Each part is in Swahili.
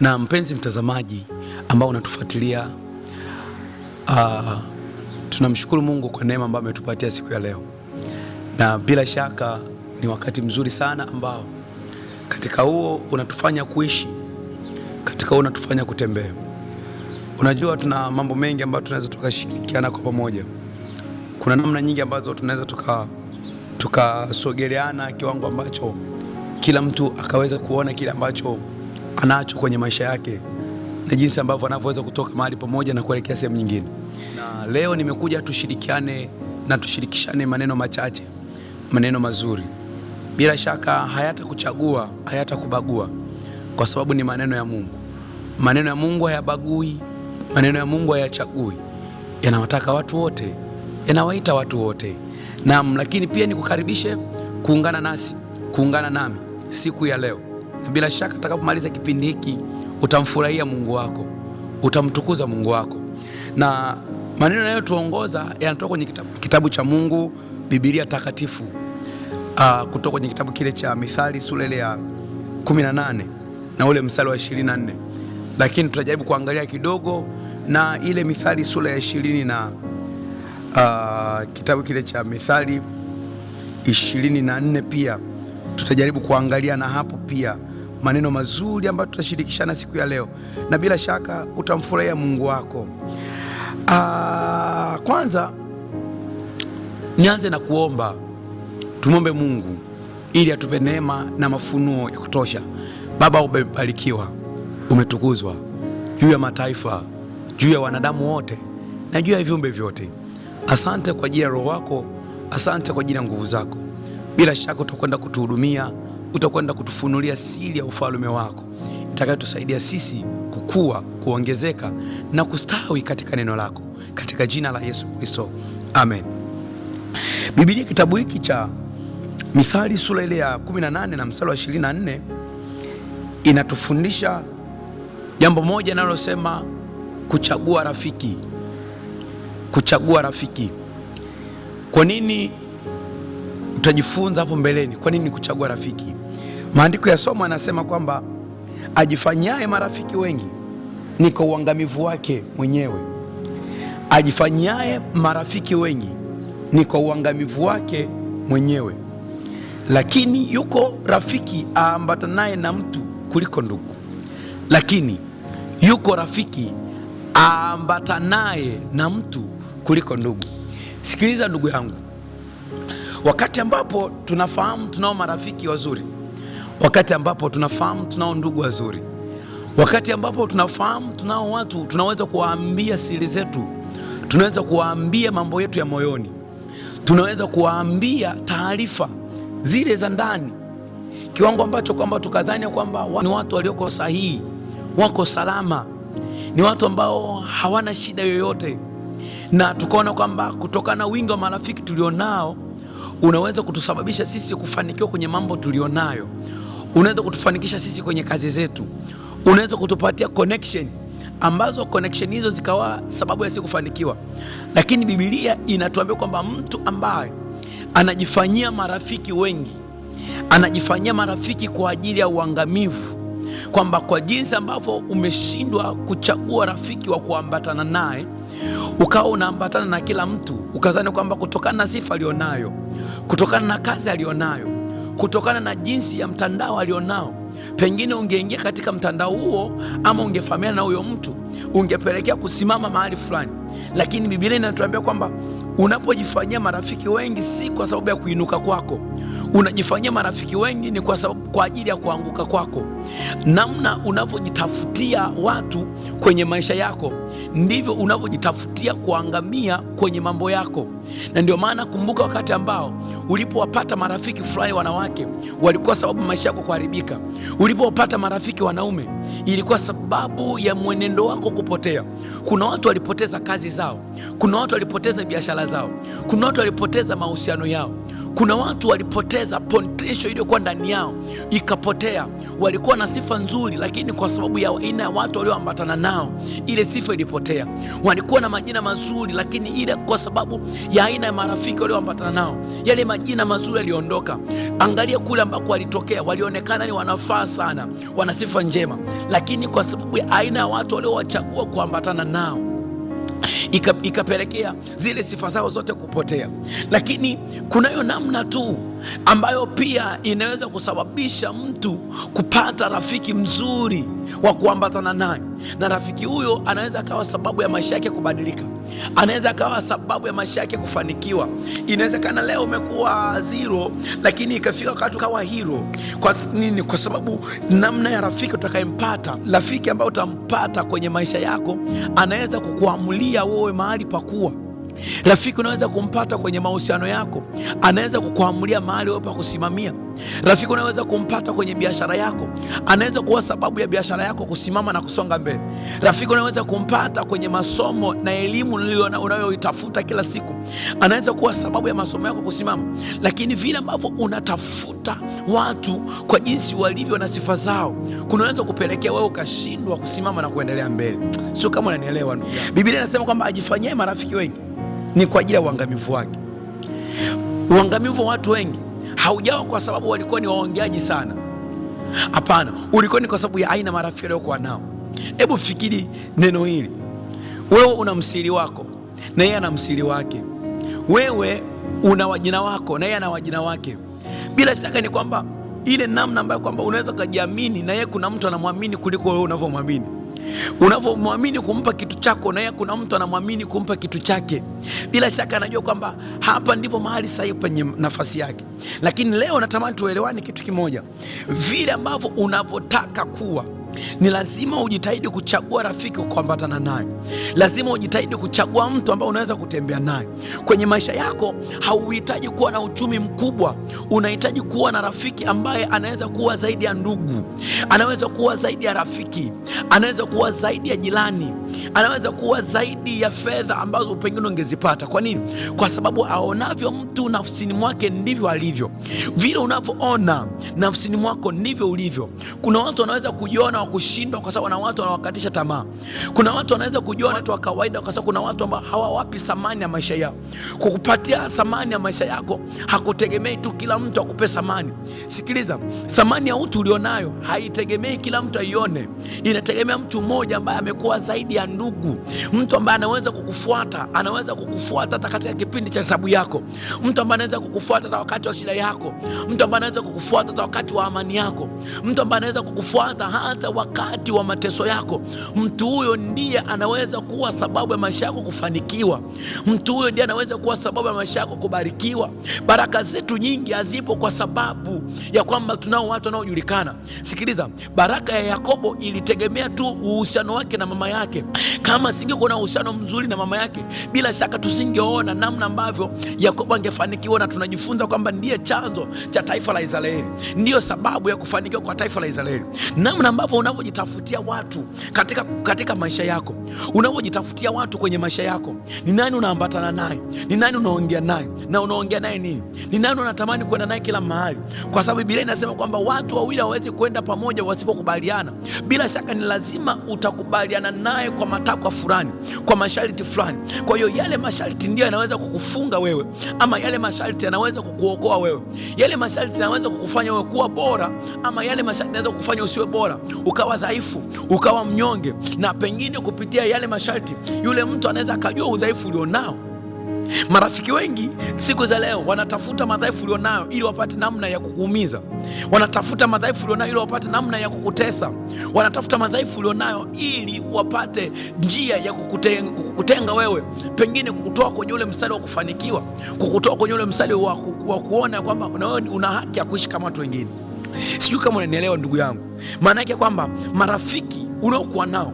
Na mpenzi mtazamaji ambao unatufuatilia, uh, tunamshukuru Mungu kwa neema ambayo ametupatia siku ya leo, na bila shaka ni wakati mzuri sana ambao katika huo unatufanya kuishi, katika huo unatufanya kutembea. Unajua, tuna mambo mengi ambayo tunaweza tukashirikiana kwa pamoja. Kuna namna nyingi ambazo tunaweza tukasogeleana kiwango ambacho kila mtu akaweza kuona kile ambacho anacho kwenye maisha yake na jinsi ambavyo anavyoweza kutoka mahali pamoja na kuelekea sehemu nyingine. Na leo nimekuja tushirikiane na tushirikishane maneno machache, maneno mazuri. Bila shaka hayatakuchagua, hayatakubagua kwa sababu ni maneno ya Mungu. Maneno ya Mungu hayabagui, maneno ya Mungu hayachagui, yanawataka watu wote, yanawaita watu wote. Naam, lakini pia nikukaribishe kuungana nasi, kuungana nami siku ya leo. Bila shaka utakapomaliza kipindi hiki utamfurahia Mungu wako, utamtukuza Mungu wako, na maneno yanayotuongoza yanatoka kwenye kitabu, kitabu cha Mungu, Biblia Takatifu, ah, kutoka kwenye kitabu kile cha Mithali sura ile ya 18 na ule mstari wa 24, lakini tutajaribu kuangalia kidogo na ile Mithali sura ya 20 na uh, kitabu kile cha Mithali ishirini na nne pia tutajaribu kuangalia na hapo pia maneno mazuri ambayo tutashirikishana siku ya leo, na bila shaka utamfurahia Mungu wako. Aa, ah, kwanza nianze na kuomba, tumwombe Mungu ili atupe neema na mafunuo ya kutosha. Baba, umebarikiwa, umetukuzwa juu ya mataifa, juu ya wanadamu wote na juu ya viumbe vyote. Asante kwa ajili ya Roho wako, asante kwa ajili ya nguvu zako. Bila shaka utakwenda kutuhudumia utakwenda kutufunulia siri ya ufalme wako itakayotusaidia sisi kukua, kuongezeka na kustawi katika neno lako, katika jina la Yesu Kristo, amen. Biblia kitabu hiki cha Mithali sura ile ya 18 na mstari wa 24 inatufundisha jambo moja linalosema kuchagua rafiki. Kuchagua rafiki. Kwa nini? Utajifunza hapo mbeleni, kwa nini kuchagua rafiki. Maandiko ya somo anasema kwamba ajifanyaye marafiki wengi ni kwa uangamivu wake mwenyewe. Ajifanyaye marafiki wengi ni kwa uangamivu wake mwenyewe, lakini yuko rafiki aambatanaye na mtu kuliko ndugu. Lakini yuko rafiki aambatanaye na mtu kuliko ndugu. Sikiliza ndugu yangu, wakati ambapo tunafahamu tunao marafiki wazuri wakati ambapo tunafahamu tunao ndugu wazuri, wakati ambapo tunafahamu tunao watu tunaweza kuwaambia siri zetu, tunaweza kuwaambia mambo yetu ya moyoni, tunaweza kuwaambia taarifa zile za ndani, kiwango ambacho kwamba tukadhania kwamba ni watu walioko sahihi, wako salama, ni watu ambao hawana shida yoyote, na tukaona kwamba kutokana na wingi wa marafiki tulionao unaweza kutusababisha sisi kufanikiwa kwenye mambo tulionayo unaweza kutufanikisha sisi kwenye kazi zetu, unaweza kutupatia connection ambazo connection hizo zikawa sababu ya sisi kufanikiwa. Lakini Biblia inatuambia kwamba mtu ambaye anajifanyia marafiki wengi, anajifanyia marafiki kwa ajili ya uangamivu, kwamba kwa jinsi ambavyo umeshindwa kuchagua rafiki wa kuambatana naye ukawa unaambatana na kila mtu, ukazani kwamba kutokana na sifa alionayo, kutokana na kazi alionayo kutokana na jinsi ya mtandao alionao. Pengine ungeingia katika mtandao huo ama ungefahamiana na huyo mtu, ungepelekea kusimama mahali fulani, lakini Biblia inatuambia kwamba unapojifanyia marafiki wengi si kwa sababu ya kuinuka kwako Unajifanyia marafiki wengi ni kwa sababu, kwa ajili ya kuanguka kwako. Namna unavyojitafutia watu kwenye maisha yako ndivyo unavyojitafutia kuangamia kwenye mambo yako, na ndio maana kumbuka, wakati ambao ulipowapata marafiki fulani wanawake, walikuwa sababu maisha yako kuharibika. Ulipowapata marafiki wanaume, ilikuwa sababu ya mwenendo wako kupotea. Kuna watu walipoteza kazi zao, kuna watu walipoteza biashara zao, kuna watu walipoteza mahusiano yao kuna watu walipoteza potential iliyokuwa ndani yao ikapotea. Walikuwa na sifa nzuri, lakini kwa sababu ya aina ya watu walioambatana nao ile sifa ilipotea. Walikuwa na majina mazuri, lakini ile kwa sababu ya aina ya marafiki walioambatana nao yale majina mazuri yaliondoka. Angalia kule ambako walitokea, walionekana ni wanafaa sana, wana sifa njema, lakini kwa sababu ya aina ya watu waliowachagua kuambatana nao Ika, ikapelekea zile sifa zao zote kupotea. Lakini kunayo namna tu ambayo pia inaweza kusababisha mtu kupata rafiki mzuri wa kuambatana naye na rafiki huyo anaweza akawa sababu ya maisha yake kubadilika, anaweza akawa sababu ya maisha yake kufanikiwa. Inawezekana leo umekuwa zero, lakini ikafika wakati ukawa hero. Kwa nini? Kwa sababu namna ya rafiki utakayempata, rafiki ambayo utampata kwenye maisha yako anaweza kukuamulia wewe mahali pakuwa rafiki unaweza kumpata kwenye mahusiano yako, anaweza kukuamulia mahali wewe pa kusimamia. Rafiki unaweza kumpata kwenye biashara yako, anaweza kuwa sababu ya biashara yako kusimama na kusonga mbele. Rafiki unaweza kumpata kwenye masomo na elimu unayoitafuta kila siku, anaweza kuwa sababu ya masomo yako kusimama. Lakini vile ambavyo unatafuta watu kwa jinsi walivyo na sifa zao, kunaweza kupelekea wewe ukashindwa kusimama na kuendelea mbele. Sio kama unanielewa ndugu? Biblia inasema kwamba ajifanyie marafiki wengi ni kwa ajili ya uangamivu wake, uangamivu wa watu wengi haujawa kwa sababu walikuwa ni waongeaji sana. Hapana, ulikuwa ni kwa sababu ya aina marafiki waliokuwa nao. Hebu fikiri neno hili, wewe una msiri wako na yeye ana msiri wake, wewe una wajina wako na yeye ana wajina wake. Bila shaka ni kwamba ile namna ambayo kwamba unaweza ukajiamini na yeye, kuna mtu anamwamini kuliko wewe unavyomwamini. Unavyomwamini kumpa kitu chako, na yeye kuna mtu anamwamini kumpa kitu chake. Bila shaka anajua kwamba hapa ndipo mahali sahihi penye nafasi yake. Lakini leo natamani tuelewane kitu kimoja, vile ambavyo unavyotaka kuwa ni lazima ujitahidi kuchagua rafiki kuambatana naye. Lazima ujitahidi kuchagua mtu ambaye unaweza kutembea naye kwenye maisha yako. Hauhitaji kuwa na uchumi mkubwa, unahitaji kuwa na rafiki ambaye anaweza kuwa zaidi ya ndugu, anaweza kuwa zaidi ya rafiki, anaweza kuwa zaidi ya jirani, anaweza kuwa zaidi ya fedha ambazo pengine ungezipata. Kwa nini? Kwa sababu aonavyo mtu nafsini mwake ndivyo alivyo. Vile unavyoona nafsini mwako ndivyo ulivyo. Kuna watu wanaweza kujiona wa kushindwa kwa sababu na watu wanawakatisha tamaa. Kuna watu wanaweza kujiona watu wa kawaida kwa sababu kuna watu ambao hawawapi thamani ya maisha yao. Kukupatia thamani ya maisha yako hakutegemei tu kila mtu akupe thamani. Sikiliza, thamani ya utu ulionayo haitegemei kila mtu aione, inategemea mtu mmoja ambaye amekuwa zaidi ya ndugu, mtu ambaye anaweza kukufuata, anaweza kukufuata hata katika kipindi cha tabu yako, mtu ambaye anaweza kukufuata hata wakati wa shida yako, mtu ambaye anaweza kukufuata wakati wa amani yako, mtu ambaye anaweza kukufuata hata wakati wa mateso yako. Mtu huyo ndiye anaweza kuwa sababu ya maisha yako kufanikiwa. Mtu huyo ndiye anaweza kuwa sababu ya maisha yako kubarikiwa. Baraka zetu nyingi hazipo kwa sababu ya kwamba tunao watu wanaojulikana. Sikiliza, baraka ya Yakobo ilitegemea tu uhusiano wake na mama yake. Kama singekuwa na uhusiano mzuri na mama yake, bila shaka tusingeona namna ambavyo Yakobo angefanikiwa, na tunajifunza kwamba ndiye chanzo cha taifa la Israeli ndiyo sababu ya kufanikiwa kwa taifa la Israeli. Namna ambavyo unavyojitafutia watu katika, katika maisha yako, unavyojitafutia watu kwenye maisha yako, ni nani unaambatana naye, ni nani unaongea naye na unaongea naye nini, ni nani unatamani kwenda naye kila mahali, kwa sababu Biblia inasema kwamba watu wawili hawawezi kwenda pamoja wasipokubaliana. Bila shaka ni lazima utakubaliana naye kwa matakwa fulani, kwa masharti fulani. Kwa hiyo yale masharti ndiyo yanaweza kukufunga wewe, ama yale masharti yanaweza kukuokoa wewe, yale masharti yanaweza kukufanya wewe kuwa bora ama yale masharti yanaweza kufanya usiwe bora, ukawa dhaifu, ukawa mnyonge, na pengine kupitia yale masharti yule mtu anaweza akajua udhaifu ulionao. Marafiki wengi siku za leo wanatafuta madhaifu ulionayo ili wapate namna ya kukuumiza. Wanatafuta madhaifu ulionayo ili wapate namna ya kukutesa. Wanatafuta madhaifu ulionayo ili wapate njia ya kukutenga, kukutenga wewe, pengine kukutoa kwenye ule mstari wa kufanikiwa, kukutoa kwenye ule mstari wa, wa kuona kwamba na wewe una haki ya kuishi kama watu wengine. Sijui kama unanielewa ndugu yangu. Maana yake kwamba marafiki unaokuwa nao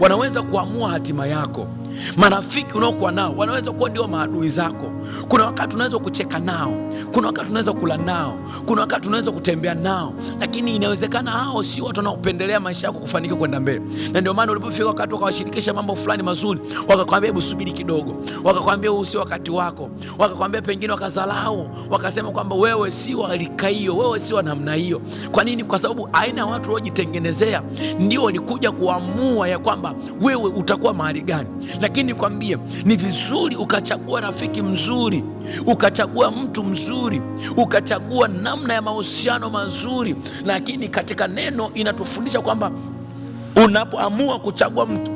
wanaweza kuamua hatima yako. Marafiki unaokuwa nao wanaweza kuwa ndio maadui zako. Kuna wakati unaweza kucheka nao, kuna wakati unaweza kula nao, kuna wakati unaweza kutembea nao, lakini inawezekana hao sio watu wanaopendelea maisha yako kufanikiwa kwenda mbele. Na ndio maana ulipofika wakati wakawashirikisha mambo fulani mazuri, wakakwambia hebu subiri kidogo, wakakwambia huu sio wakati wako, wakakwambia pengine, wakadharau, wakasema kwamba wewe si wa rika hiyo, wewe si wa namna hiyo. Kwa nini? Kwa sababu aina ya watu waliojitengenezea ndio walikuja kuamua ya kwamba wewe utakuwa mahali gani lakini nikwambie, ni vizuri ukachagua rafiki mzuri, ukachagua mtu mzuri, ukachagua namna ya mahusiano mazuri. Lakini katika neno inatufundisha kwamba unapoamua kuchagua mtu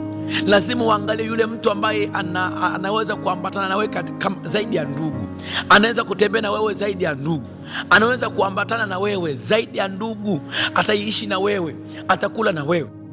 lazima uangalie yule mtu ambaye ana, anaweza kuambatana na wewe zaidi ya ndugu, anaweza kutembea na wewe zaidi ya ndugu, anaweza kuambatana na wewe zaidi ya ndugu, ataishi na wewe, atakula na wewe.